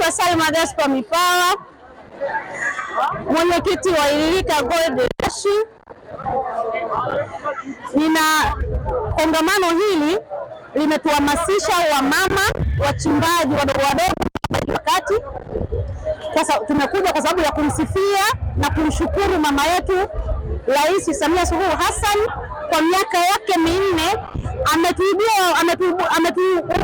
Naitwa Salma Gaspar Mipawa, mwenyekiti wa Ililika Gold Rush. Nina kongamano hili limetuhamasisha wamama wachimbaji wadogo wadogo wakati sasa tumekuja kwa sababu ya kumsifia na kumshukuru mama yetu Rais Samia Suluhu Hassan kwa miaka yake minne ametuibua ametuibua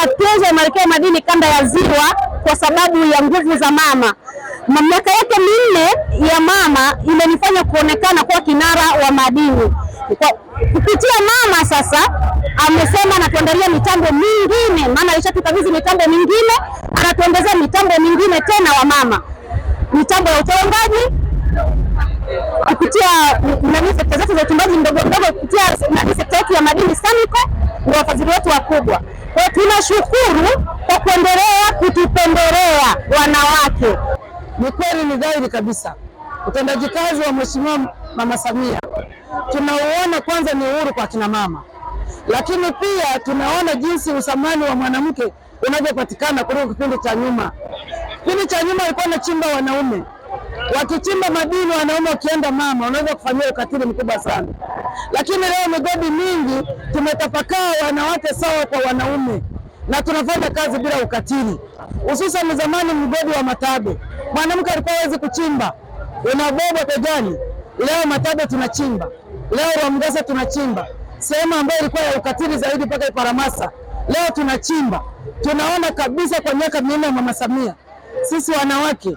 watunzi wa malkia wa madini kanda ya Ziwa kwa sababu ya nguvu za mama. Mamlaka yake minne ya mama imenifanya kuonekana kuwa kinara wa madini kwa kupitia mama. Sasa amesema anatuandalia mitambo mingine, maana alishatukabidhi mitambo mingine, anatuongezea mitambo mingine tena wa mama, mitambo ya utongaji kupitia sekta zetu za uchimbaji mdogo mdogo, kupitia sekta yetu ya madini SAMICO, ndio wafadhili wetu wakubwa. Kwa tunashukuru kwa kuendelea kutupendelea wanawake. Ni kweli, ni dhahiri kabisa utendaji kazi wa Mheshimiwa Mama Samia tunauona kwanza ni uhuru kwa kina mama, lakini pia tunaona jinsi usamani wa mwanamke unavyopatikana kuliko kipindi cha nyuma. Kipindi cha nyuma walikuwa chimba wanaume, wakichimba madini wanaume, wakienda mama, unaweza kufanyia ukatili mkubwa sana. Lakini leo migodi mingi tumetapakaa wanawake sawa kwa wanaume na tunafanya kazi bila ukatili, hususan zamani mgodi wa Matabe mwanamke alikuwa hawezi kuchimba, unabebwa begani. Leo Matabe tunachimba, leo Rwamgasa tunachimba, sehemu ambayo ilikuwa ya ukatili zaidi mpaka Iparamasa leo tunachimba. Tunaona kabisa kwa miaka minne ya mama Samia, sisi wanawake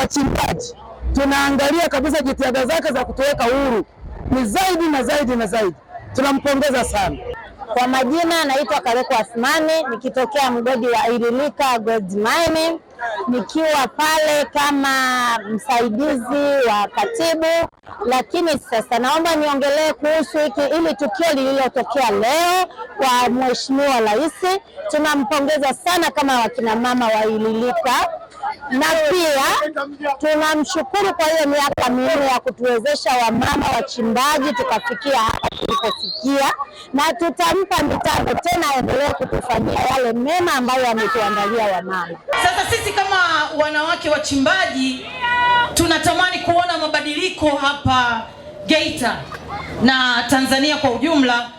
wachimbaji wa, tunaangalia kabisa jitihada zake za kutuweka huru ni zaidi na zaidi na zaidi. Tunampongeza sana. Kwa majina naitwa Kareko Athmani nikitokea mgodi wa ililika Gold Mine, nikiwa pale kama msaidizi wa katibu. Lakini sasa naomba niongelee kuhusu hiki ili tukio lililotokea leo kwa Mheshimiwa Rais. Tunampongeza sana kama wakinamama wa Ililika na pia tunamshukuru kwa hiyo miaka minne ya kutuwezesha wamama wachimbaji tukafikia hapa tulipofikia, na tutampa mitambo tena aendelee kutufanyia yale mema ambayo ametuandalia wamama. Sasa sisi kama wanawake wachimbaji tunatamani kuona mabadiliko hapa Geita na Tanzania kwa ujumla.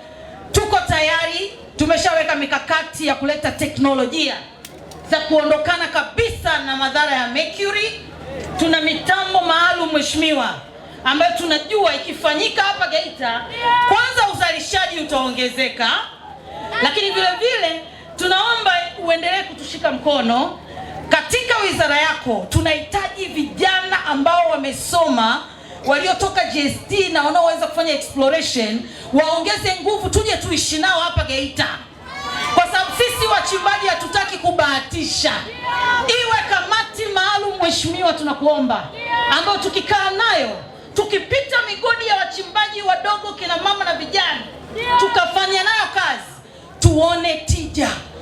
Tuko tayari, tumeshaweka mikakati ya kuleta teknolojia za kuondokana kabisa na madhara ya mercury. Tuna mitambo maalum mheshimiwa, ambayo tunajua ikifanyika hapa Geita, kwanza uzalishaji utaongezeka, lakini vile vile tunaomba uendelee kutushika mkono katika wizara yako. Tunahitaji vijana ambao wamesoma waliotoka GST na wanaoweza kufanya exploration waongeze nguvu, tuje tuishi nao hapa Geita, kwa sababu sisi wachimbaji hatutaki kubahatisha. Iwe kamati maalum, mheshimiwa, tunakuomba ambayo tukikaa nayo tukipita migodi ya wachimbaji wadogo, kina mama na vijana, tukafanya nayo kazi, tuone tija.